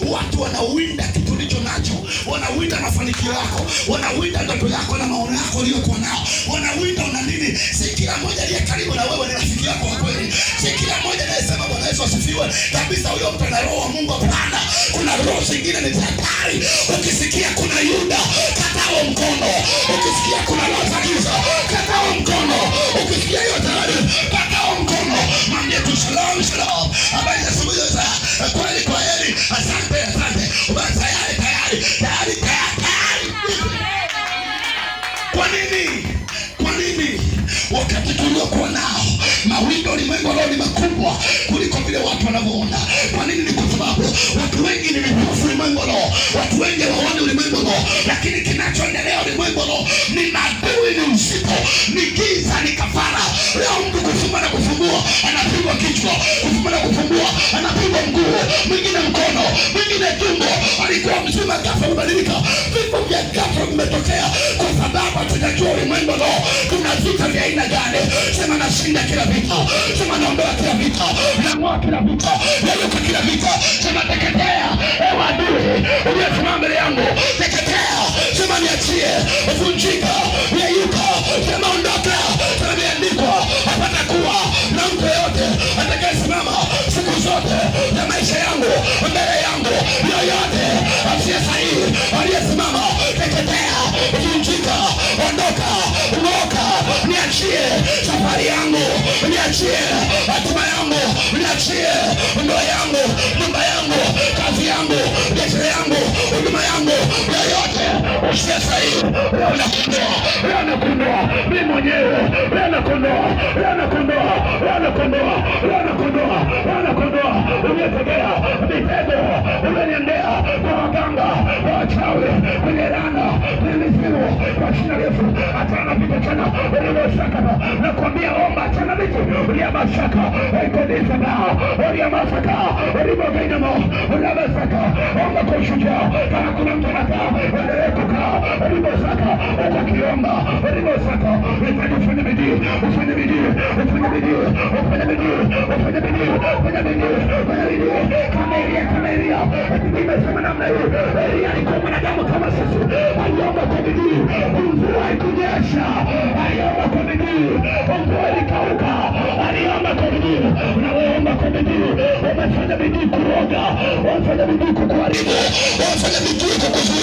Watu wanawinda kitu ulicho nacho, wanawinda mafanikio yako, wanawinda ndoto yako na maono yako uliyokuwa nao, wanawinda una nini. Si kila mmoja aliye karibu na wewe ni rafiki yako wa kweli. Si kila mmoja anayesema Bwana Yesu asifiwe kabisa, huyo mtu ana roho wa Mungu. Hapana, kuna roho zingine ni hatari. Ukisikia kuna Yuda, katao mkono. Ukisikia kuna Kwa nini wakati tuliokuwa nao mawindo ulimwengu leo ni makubwa kuliko vile watu wanavyoona? Kwa nini? Ni kwa sababu watu wengi ni vipofu ulimwengu leo, watu wengi hawaoni ulimwengu leo, lakini kinachoendelea ulimwengu leo ni madui, ni usiku, ni giza, ni kafara. Leo mtu kufumba na kufumbua anapigwa kichwa vimebadilika, vitu vya ghafla vimetokea, kwa sababu hatujajua ulimwengu ambao kuna vita vya aina gani. Sema nashinda kila vita, sema naondoa kila vita, namoa kila vita, nayuka kila vita, sema teketea aliyesimama teketea, vunjika, ondoka, ng'oka, niachie safari yangu, niachie hatima yangu, niachie ndoa yangu, nyumba yangu, kazi yangu, biashara yangu, huduma yangu yoyote. Usiye sahihi leo nakuondoa, leo nakuondoa mimi mwenyewe, leo nakuondoa, leo nakuondoa, leo nakuondoa wachawi, wenye laana, wenye mizimu kwa jina la Yesu, achana vita tena, ulimosaka nakwambia, omba achana vita uliamasaka waikondeza nao uliamasaka ulimogainamo uliamasaka, omba kwa ushujaa. Kama kuna mtu anakaa endelee kukaa ulimosaka, ukakiomba ulimosaka, itaji ufanye bidii, ufanye bidii, ufanye bidii, ufanye bidii, ufanye bidii, ufanye bidii, ufanye bidii aliye kama Elia, nimesema namna hiyo. Elia alikuwa mwanadamu kama sisi, aliomba kwa bidii, mvua ikunyesha, aliomba kwa bidii, mvua ilikauka, aliomba kwa bidii. Na kwa bidii, umefanya bidii kuroga, umefanya bidii kukuharibu, umefanya bidii kukuzuia